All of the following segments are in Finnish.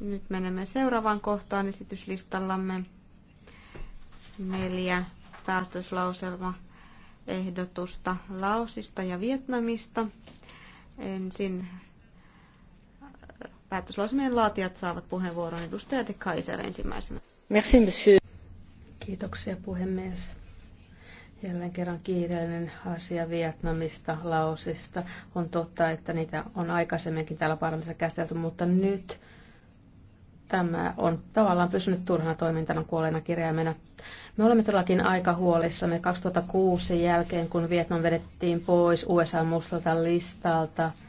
Nyt menemme seuraavaan kohtaan esityslistallamme. Neljä päästöslauselma ehdotusta Laosista ja Vietnamista. Ensin äh, päätöslausumien laatijat saavat puheenvuoron edustaja De Kaiser ensimmäisenä. Merci, monsieur. Kiitoksia puhemies. Jälleen kerran kiireellinen asia Vietnamista, Laosista. On totta, että niitä on aikaisemminkin täällä parlamentissa käsitelty, mutta nyt tämä on tavallaan pysynyt turhana toimintana kuolleena kirjaimena. Me olemme todellakin aika huolissamme 2006 jälkeen, kun Vietnam vedettiin pois USA mustalta listalta –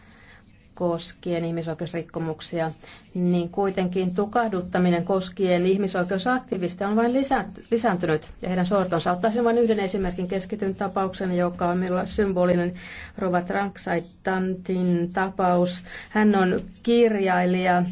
koskien ihmisoikeusrikkomuksia, niin kuitenkin tukahduttaminen koskien ihmisoikeusaktivista on vain lisääntynyt ja heidän sortonsa. Ottaisin vain yhden esimerkin keskityn tapauksen, joka on minulla symbolinen Robert Ranksaitantin tapaus. Hän on kirjailija,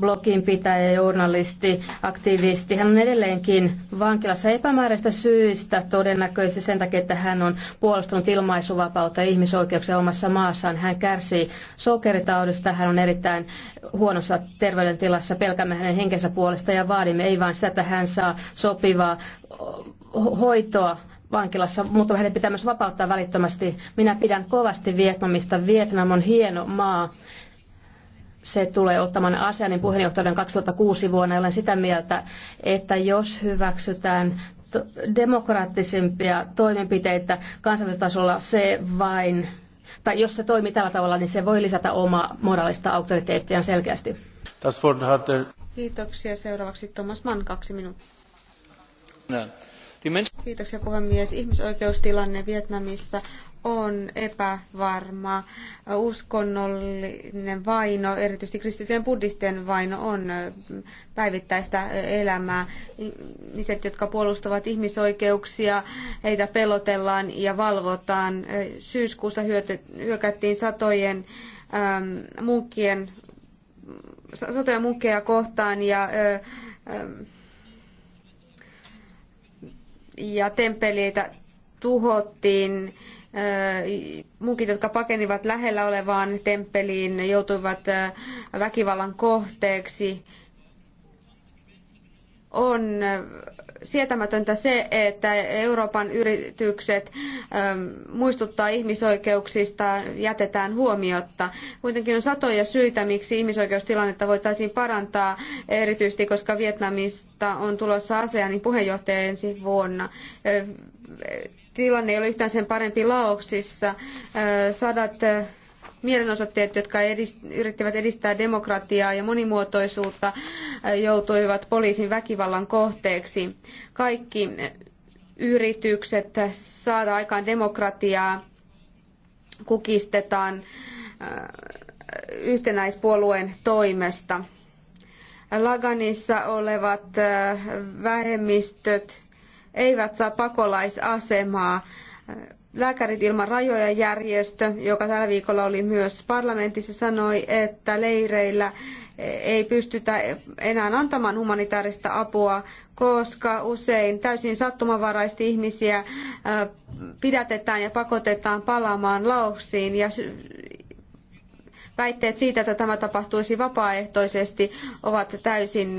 bloginpitäjä, journalisti, aktivisti. Hän on edelleenkin vankilassa epämääräistä syistä, todennäköisesti sen takia, että hän on puolustanut ilmaisuvapautta ja ihmisoikeuksia omassa maassaan. Hän kärsii sokerit taudista. Hän on erittäin huonossa terveydentilassa. Pelkäämme hänen henkensä puolesta ja vaadimme ei vain sitä, että hän saa sopivaa hoitoa vankilassa, mutta hänen pitää myös vapauttaa välittömästi. Minä pidän kovasti Vietnamista. Vietnam on hieno maa se tulee ottamaan ASEANin puheenjohtajan 2006 vuonna. Olen sitä mieltä, että jos hyväksytään demokraattisempia toimenpiteitä kansallisella tasolla, se vain tai jos se toimii tällä tavalla, niin se voi lisätä omaa moraalista auktoriteettiaan selkeästi. Kiitoksia. Seuraavaksi Thomas Mann, kaksi minuuttia. Kiitoksia puhemies. Ihmisoikeustilanne Vietnamissa on epävarma. Uskonnollinen vaino, erityisesti kristittyjen buddhistien vaino, on päivittäistä elämää. Ihmiset, jotka puolustavat ihmisoikeuksia, heitä pelotellaan ja valvotaan. Syyskuussa hyökättiin satojen ähm, munkkien, satoja munkkeja kohtaan ja ja temppeleitä tuhottiin munkit, jotka pakenivat lähellä olevaan temppeliin, joutuivat väkivallan kohteeksi. On sietämätöntä se, että Euroopan yritykset muistuttaa ihmisoikeuksista jätetään huomiotta. Kuitenkin on satoja syitä, miksi ihmisoikeustilannetta voitaisiin parantaa, erityisesti koska Vietnamista on tulossa ASEANin puheenjohtaja ensi vuonna tilanne ei ole yhtään sen parempi Laoksissa. Sadat mielenosoittajat, jotka edist- yrittivät edistää demokratiaa ja monimuotoisuutta, joutuivat poliisin väkivallan kohteeksi. Kaikki yritykset saada aikaan demokratiaa kukistetaan yhtenäispuolueen toimesta. Laganissa olevat vähemmistöt eivät saa pakolaisasemaa. Lääkärit ilman rajoja järjestö, joka tällä viikolla oli myös parlamentissa, sanoi, että leireillä ei pystytä enää antamaan humanitaarista apua, koska usein täysin sattumanvaraisesti ihmisiä pidätetään ja pakotetaan palaamaan lauksiin ja väitteet siitä, että tämä tapahtuisi vapaaehtoisesti, ovat täysin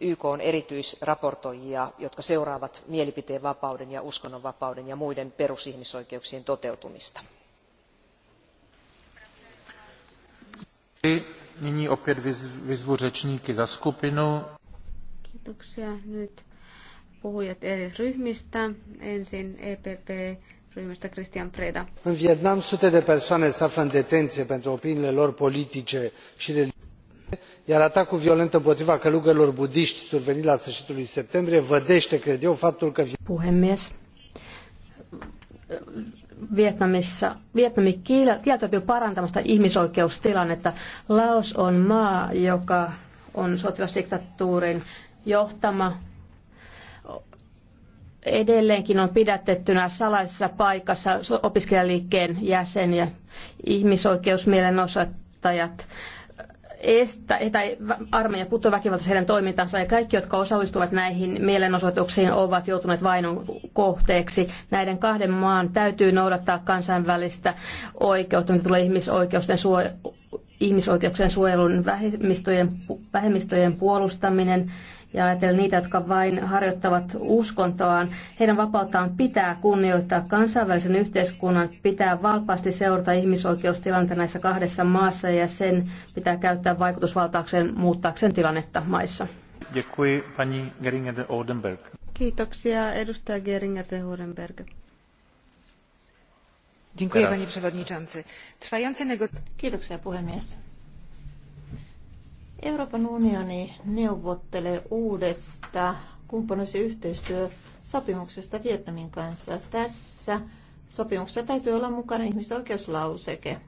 ykn erityisraportoijia jotka seuraavat mielipiteenvapauden ja uskonnonvapauden ja muiden perusihmisoikeuksien toteutumista. skupinu. Kiitoksia. Nyt puhujat eri ryhmistä. Ensin EPP, ryhmästä Christian Preda. Vietnam sute de persoane se află în detenție pentru opiniile lor politice și religioase iar atacul violent împotriva călugărilor buditi survenit la sfâritul lui septembrie vădete cred eu faptul că Vietnamissa, Vietnami kieltäytyy parantamasta ihmisoikeustilannetta. Laos on maa, joka on sotilasdiktatuurin johtama edelleenkin on pidätettynä salaisessa paikassa opiskelijaliikkeen jäseniä, ihmisoikeusmielenosattajat estä, tai armeija puuttuu väkivaltaisesti heidän toimintansa ja kaikki, jotka osallistuvat näihin mielenosoituksiin, ovat joutuneet vainon kohteeksi. Näiden kahden maan täytyy noudattaa kansainvälistä oikeutta, mitä tulee ihmisoikeusten suojelua ihmisoikeuksien suojelun vähemmistöjen, vähemmistöjen puolustaminen ja ajatellen niitä, jotka vain harjoittavat uskontoaan. Heidän vapauttaan pitää kunnioittaa. Kansainvälisen yhteiskunnan pitää valpaasti seurata ihmisoikeustilannetta näissä kahdessa maassa ja sen pitää käyttää vaikutusvaltaakseen muuttaakseen tilannetta maissa. Kiitoksia edustaja Geringer de Odenberg panie przewodniczący! euroopan unioni neuvottelee uudesta kumppanuus ja yhteistyösopimuksesta vietnamin kanssa. tässä sopimuksessa täytyy olla mukana ihmisoikeuslauseke.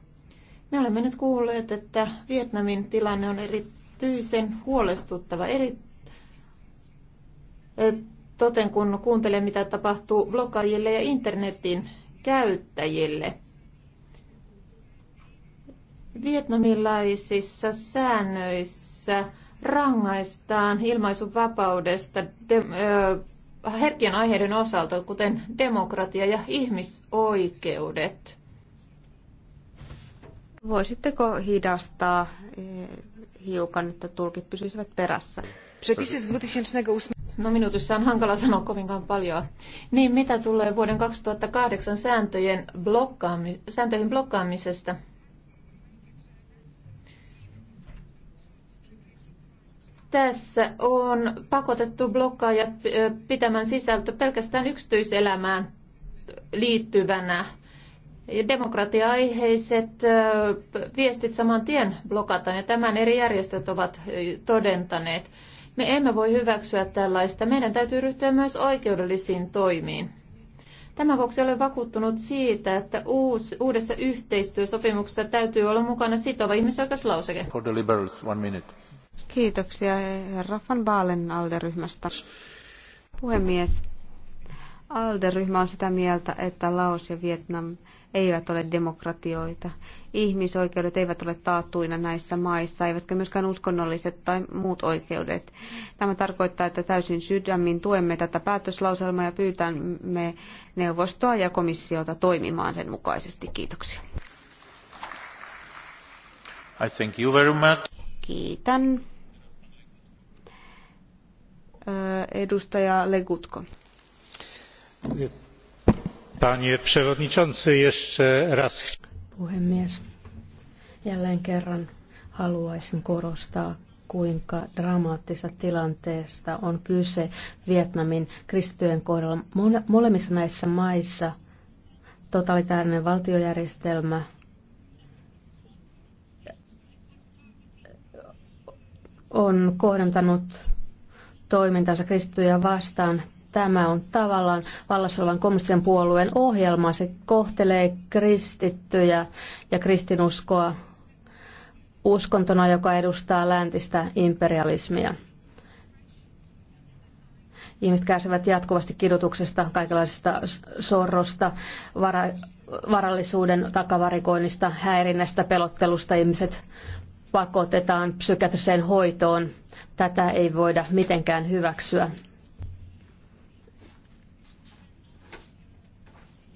me olemme nyt kuulleet että vietnamin tilanne on erityisen huolestuttava eri, toten kun kuuntelee mitä tapahtuu blogaajille ja internetin käyttäjille. Vietnamilaisissa säännöissä rangaistaan ilmaisuvapaudesta de, ö, herkien aiheiden osalta, kuten demokratia ja ihmisoikeudet. Voisitteko hidastaa eh, hiukan, että tulkit pysyisivät perässä? Przepisy z 2008 No minuutissa on hankala sanoa kovinkaan paljon. Niin mitä tulee vuoden 2008 sääntöjen blokkaami, sääntöihin blokkaamisesta? Tässä on pakotettu blokkaajat pitämään sisältö pelkästään yksityiselämään liittyvänä. ja Demokratia-aiheiset viestit saman tien blokataan ja tämän eri järjestöt ovat todentaneet. Me emme voi hyväksyä tällaista. Meidän täytyy ryhtyä myös oikeudellisiin toimiin. Tämän vuoksi olen vakuuttunut siitä, että uusi, uudessa yhteistyösopimuksessa täytyy olla mukana sitova ihmisoikeuslauseke. For the liberals, one minute. Kiitoksia herra Van Baalen ALDE-ryhmästä. Puhemies, ALDE-ryhmä on sitä mieltä, että Laos ja Vietnam eivät ole demokratioita. Ihmisoikeudet eivät ole taattuina näissä maissa, eivätkä myöskään uskonnolliset tai muut oikeudet. Tämä tarkoittaa, että täysin sydämin tuemme tätä päätöslauselmaa ja pyytämme neuvostoa ja komissiota toimimaan sen mukaisesti. Kiitoksia. I thank you very much. Kiitän. Edustaja Legutko. Panie przewodniczący, jeszcze raz. Puhemies, jälleen kerran haluaisin korostaa, kuinka dramaattisesta tilanteesta on kyse Vietnamin kristittyjen kohdalla. Molemmissa näissä maissa totalitaarinen valtiojärjestelmä on kohdentanut toimintansa kristittyjä vastaan Tämä on tavallaan vallassa olevan kommunistisen puolueen ohjelma. Se kohtelee kristittyjä ja kristinuskoa uskontona, joka edustaa läntistä imperialismia. Ihmiset kärsivät jatkuvasti kidutuksesta, kaikenlaisesta sorrosta, vara, varallisuuden takavarikoinnista, häirinnästä, pelottelusta. Ihmiset pakotetaan psykiatriseen hoitoon. Tätä ei voida mitenkään hyväksyä.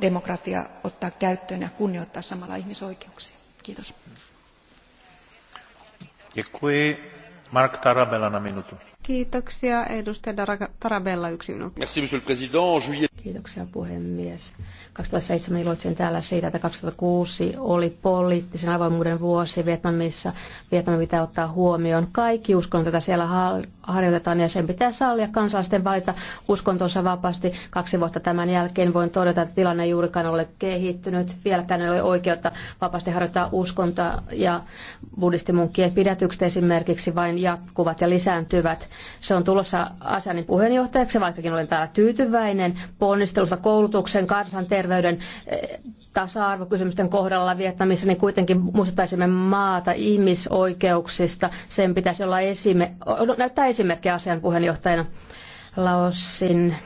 demokratia ottaa käyttöön ja kunnioittaa samalla ihmisoikeuksia. Kiitos. Děkuji. Mark Tarabella na minutu. Kiitoksia. Edustaja Tarabella, yksi minuutti. Merci, monsieur le président. Kiitoksia, puhemies. 2007 iloitsin täällä siitä, että 2006 oli poliittisen avoimuuden vuosi Vietnamissa. Vietnam pitää ottaa huomioon kaikki uskonnot, joita siellä harjoitetaan, ja sen pitää sallia kansalaisten valita uskontonsa vapaasti. Kaksi vuotta tämän jälkeen voin todeta, että tilanne ei juurikaan ole kehittynyt. Vieläkään ei ole oikeutta vapaasti harjoittaa uskontoa, ja buddhistimunkkien pidätykset esimerkiksi vain jatkuvat ja lisääntyvät se on tulossa ASEANin puheenjohtajaksi, vaikkakin olen täällä tyytyväinen ponnistelusta koulutuksen, kansanterveyden, eh, tasa-arvokysymysten kohdalla Vietnamissa, niin kuitenkin muistuttaisimme maata ihmisoikeuksista. Sen pitäisi olla esime- no, näyttää esimerkkiä ASEAN puheenjohtajana. Laosin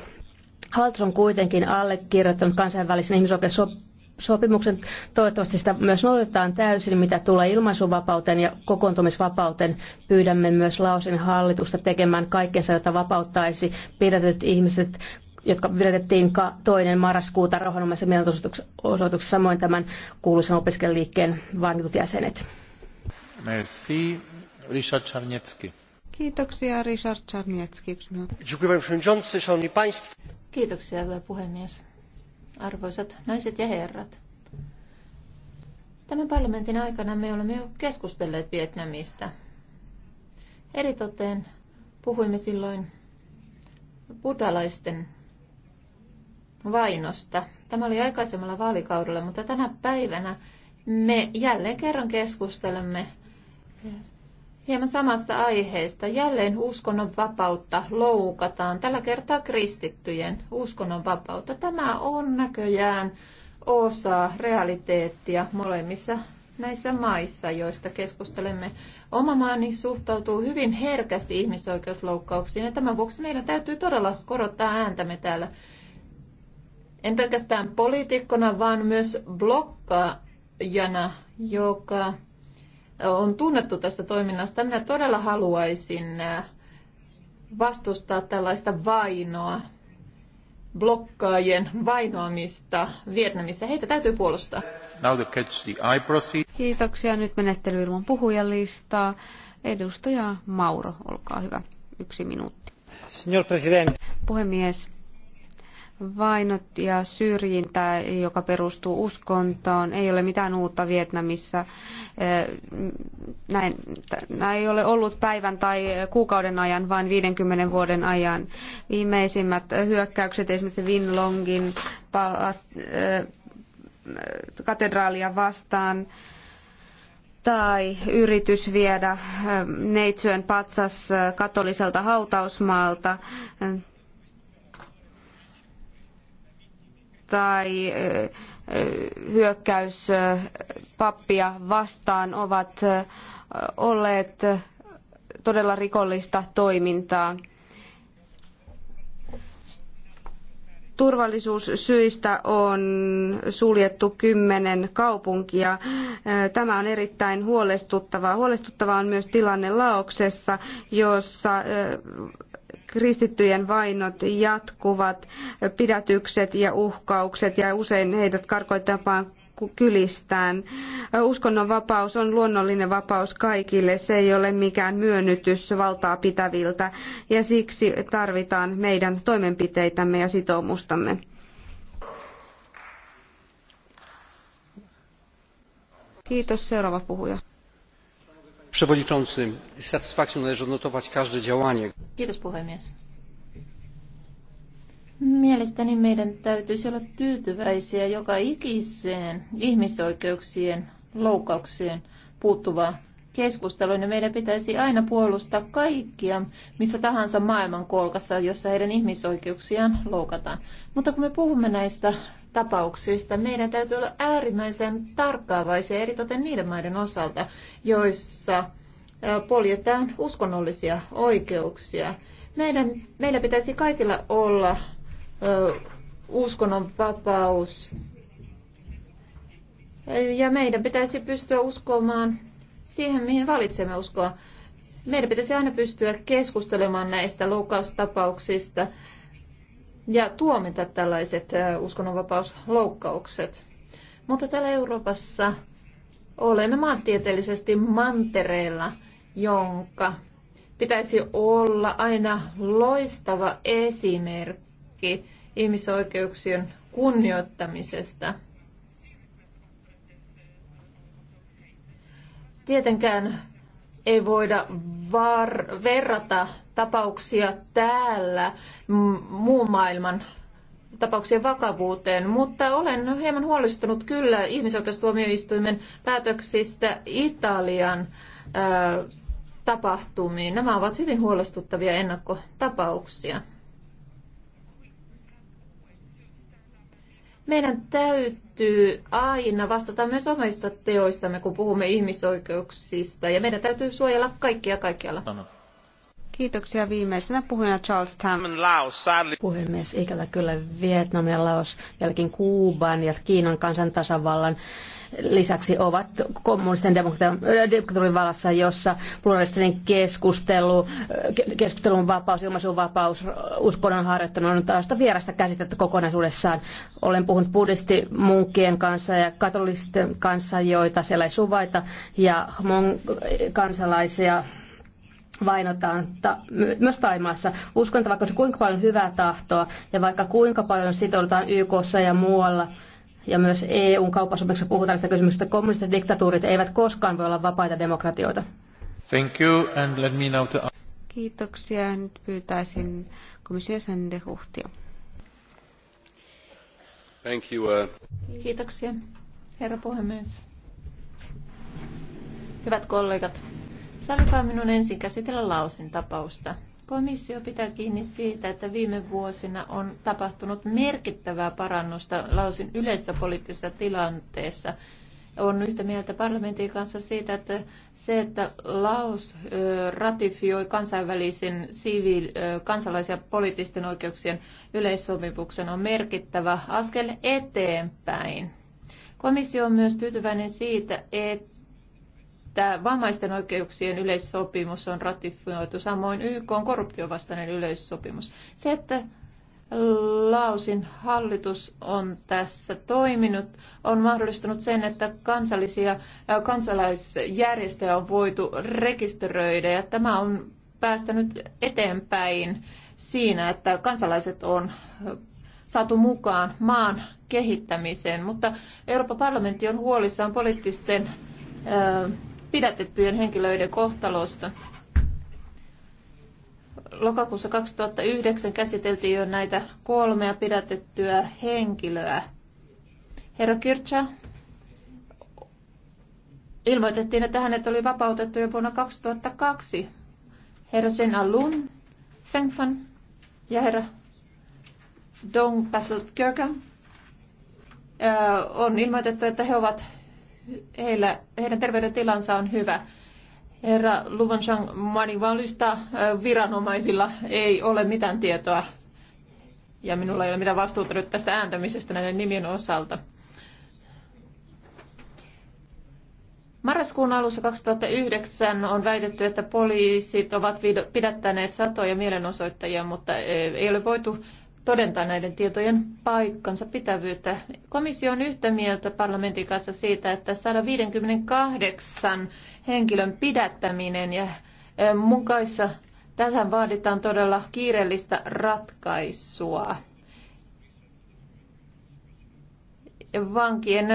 Hallitus on kuitenkin allekirjoittanut kansainvälisen ihmisoikeussopimuksen sopimuksen. Toivottavasti sitä myös noudatetaan täysin, mitä tulee ilmaisuvapauteen ja kokoontumisvapauteen. Pyydämme myös Laosin hallitusta tekemään kaikkensa, jota vapauttaisi pidätetyt ihmiset jotka pidettiin toinen marraskuuta rauhanomaisen mielenosoituksessa, samoin tämän kuuluisan opiskeliikkeen vangitut jäsenet. Merci. Richard Czarniecki. Kiitoksia, Richard Czarniecki. Yksi minuutti. Kiitoksia, hyvä puhemies. Arvoisat naiset ja herrat, tämän parlamentin aikana me olemme jo keskustelleet Vietnamista. Eritoten puhuimme silloin buddalaisten vainosta. Tämä oli aikaisemmalla vaalikaudella, mutta tänä päivänä me jälleen kerran keskustelemme Hieman samasta aiheesta. Jälleen uskonnon vapautta loukataan, tällä kertaa kristittyjen uskonnon vapautta. Tämä on näköjään osa realiteettia molemmissa näissä maissa, joista keskustelemme. Oma maani suhtautuu hyvin herkästi ihmisoikeusloukkauksiin ja tämän vuoksi meidän täytyy todella korottaa ääntämme täällä. En pelkästään poliitikkona, vaan myös blokkaajana, joka on tunnettu tästä toiminnasta. Minä todella haluaisin äh, vastustaa tällaista vainoa, blokkaajien vainoamista Vietnamissa. Heitä täytyy puolustaa. Now catch the eye Kiitoksia. Nyt menettely ilman puhujalistaa. Edustaja Mauro, olkaa hyvä. Yksi minuutti. Signor President. Puhemies, Vainot ja syrjintä, joka perustuu uskontoon, ei ole mitään uutta Vietnamissa. Näin, näin ei ole ollut päivän tai kuukauden ajan, vaan 50 vuoden ajan. Viimeisimmät hyökkäykset esimerkiksi Vin Longin katedraalia vastaan tai yritys viedä neitsyen patsas katoliselta hautausmaalta tai hyökkäys pappia vastaan ovat olleet todella rikollista toimintaa. Turvallisuussyistä on suljettu kymmenen kaupunkia. Tämä on erittäin huolestuttavaa. Huolestuttavaa on myös tilanne Laoksessa, jossa kristittyjen vainot jatkuvat, pidätykset ja uhkaukset ja usein heidät karkoitetaan kylistään. Uskonnonvapaus on luonnollinen vapaus kaikille, se ei ole mikään myönnytys valtaa pitäviltä ja siksi tarvitaan meidän toimenpiteitämme ja sitoumustamme. Kiitos. Seuraava puhuja przewodniczący! z satysfakcją należy odnotować każde działanie. Mielestäni meidän täytyisi olla tyytyväisiä joka ikiseen ihmisoikeuksien loukkaukseen puuttuva keskustelu. ja meidän pitäisi aina puolustaa kaikkia missä tahansa kolkassa, jossa heidän ihmisoikeuksiaan loukataan. Mutta kun me puhumme näistä tapauksista. Meidän täytyy olla äärimmäisen tarkkaavaisia eritoten niiden maiden osalta, joissa poljetaan uskonnollisia oikeuksia. Meidän, meillä pitäisi kaikilla olla uskonnonvapaus ja meidän pitäisi pystyä uskomaan siihen, mihin valitsemme uskoa. Meidän pitäisi aina pystyä keskustelemaan näistä loukkaustapauksista ja tuomita tällaiset uskonnonvapausloukkaukset. Mutta täällä Euroopassa olemme maantieteellisesti mantereella, jonka pitäisi olla aina loistava esimerkki ihmisoikeuksien kunnioittamisesta. Tietenkään ei voida var- verrata tapauksia täällä muun maailman tapauksien vakavuuteen, mutta olen hieman huolestunut kyllä ihmisoikeustuomioistuimen päätöksistä Italian ää, tapahtumiin. Nämä ovat hyvin huolestuttavia ennakkotapauksia. Meidän täytyy aina vastata myös omista teoistamme, kun puhumme ihmisoikeuksista, ja meidän täytyy suojella kaikkia kaikkialla. Anna. No, no. Kiitoksia viimeisenä puhujana Charles Tan. Puhemies, ikävä kyllä Vietnam ja Laos, jälkeen Kuuban ja Kiinan kansantasavallan lisäksi ovat kommunisten diktatuurin vallassa, jossa pluralistinen keskustelu, keskustelun vapaus, ilmaisun vapaus, uskonnon harjoittaminen on tällaista vierasta käsitettä kokonaisuudessaan. Olen puhunut buddhistimunkkien kanssa ja katolisten kanssa, joita siellä ei suvaita, ja kansalaisia vainotaan ta- myös Taimaassa. Uskon, että vaikka se kuinka paljon hyvää tahtoa ja vaikka kuinka paljon sitoudutaan YKssa ja muualla, ja myös EUn kauppasopimuksessa puhutaan tästä kysymyksestä, että kommunistiset diktatuurit eivät koskaan voi olla vapaita demokratioita. Thank you, and let me now to... Kiitoksia. Nyt pyytäisin komissio Sande huhtia. Thank you, uh... Kiitoksia, herra puhemies. Hyvät kollegat, Sallikaa minun ensin käsitellä Laosin tapausta. Komissio pitää kiinni siitä, että viime vuosina on tapahtunut merkittävää parannusta Laosin yleisessä poliittisessa tilanteessa. On yhtä mieltä parlamentin kanssa siitä, että se, että Laos ratifioi kansainvälisen siviil, kansalais- ja poliittisten oikeuksien yleissopimuksen, on merkittävä askel eteenpäin. Komissio on myös tyytyväinen siitä, että että vammaisten oikeuksien yleissopimus on ratifioitu, samoin YK on korruptiovastainen yleissopimus. Se, että Laosin hallitus on tässä toiminut, on mahdollistanut sen, että kansallisia äh, kansalaisjärjestöjä on voitu rekisteröidä ja tämä on päästänyt eteenpäin siinä, että kansalaiset on äh, saatu mukaan maan kehittämiseen, mutta Euroopan parlamentti on huolissaan poliittisten äh, pidätettyjen henkilöiden kohtalosta. Lokakuussa 2009 käsiteltiin jo näitä kolmea pidätettyä henkilöä. Herra Kircha ilmoitettiin, että hänet oli vapautettu jo vuonna 2002. Herra Sen Alun, Fengfan ja herra Dong Baselt Kirkham on ilmoitettu, että he ovat heillä, heidän terveydentilansa on hyvä. Herra Luvanshang Manivalista viranomaisilla ei ole mitään tietoa ja minulla ei ole mitään vastuuta nyt tästä ääntämisestä näiden nimien osalta. Marraskuun alussa 2009 on väitetty, että poliisit ovat pidättäneet satoja mielenosoittajia, mutta ei ole voitu todentaa näiden tietojen paikkansa pitävyyttä. Komissio on yhtä mieltä parlamentin kanssa siitä, että 158 henkilön pidättäminen ja mukaissa tähän vaaditaan todella kiireellistä ratkaisua. Vankien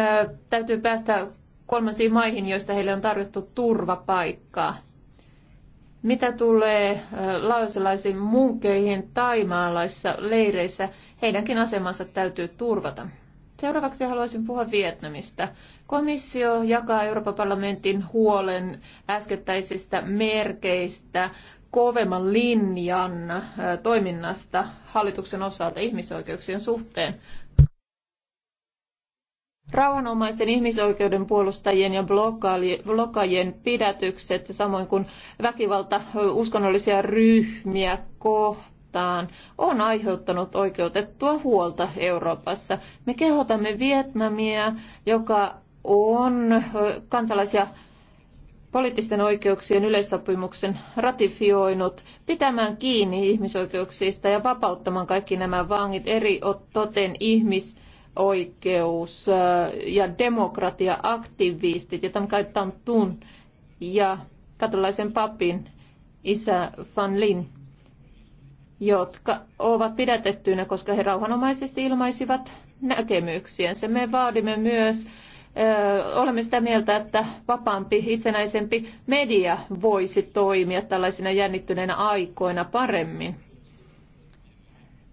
täytyy päästä kolmansiin maihin, joista heille on tarjottu turvapaikkaa. Mitä tulee laosilaisiin munkeihin taimaalaisissa leireissä, heidänkin asemansa täytyy turvata. Seuraavaksi haluaisin puhua Vietnamista. Komissio jakaa Euroopan parlamentin huolen äskettäisistä merkeistä kovemman linjan toiminnasta hallituksen osalta ihmisoikeuksien suhteen. Rauhanomaisten ihmisoikeuden puolustajien ja blokkaajien pidätykset, samoin kuin väkivalta uskonnollisia ryhmiä kohtaan, on aiheuttanut oikeutettua huolta Euroopassa. Me kehotamme Vietnamia, joka on kansalaisia poliittisten oikeuksien yleissopimuksen ratifioinut pitämään kiinni ihmisoikeuksista ja vapauttamaan kaikki nämä vangit eri toten ihmis- ihmisoikeus- äh, ja demokratiaaktivistit, ja tämä käyttää Tam Tun ja katolaisen papin isä Van Lin, jotka ovat pidätettyinä, koska he rauhanomaisesti ilmaisivat näkemyksiänsä. Me vaadimme myös äh, olemme sitä mieltä, että vapaampi, itsenäisempi media voisi toimia tällaisina jännittyneinä aikoina paremmin.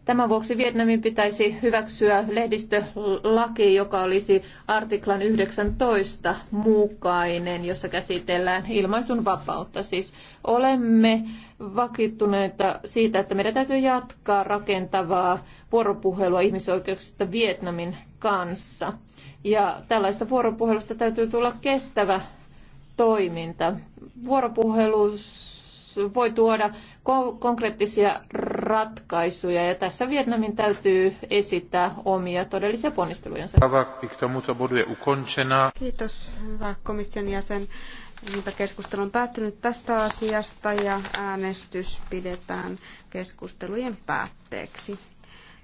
Tämän vuoksi Vietnamin pitäisi hyväksyä lehdistölaki, joka olisi artiklan 19 mukainen, jossa käsitellään ilmaisun vapautta. Siis olemme vakittuneita siitä, että meidän täytyy jatkaa rakentavaa vuoropuhelua ihmisoikeuksista Vietnamin kanssa. Ja tällaista vuoropuhelusta täytyy tulla kestävä toiminta. Vuoropuhelus voi tuoda konkreettisia ratkaisuja ja tässä Vietnamin täytyy esittää omia todellisia ponnistelujensa. Kiitos hyvä komission jäsen. Niinpä keskustelu on päättynyt tästä asiasta ja äänestys pidetään keskustelujen päätteeksi.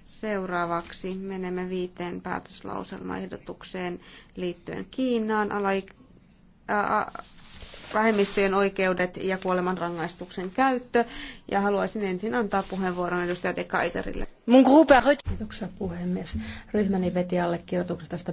Seuraavaksi menemme viiteen päätöslauselmaehdotukseen liittyen Kiinaan. Alaik- vähemmistöjen oikeudet ja kuolemanrangaistuksen käyttö. Ja haluaisin ensin antaa puheenvuoron edustaja De Kaiserille. Mun Kiitoksia puhemies. Ryhmäni veti allekirjoituksen tästä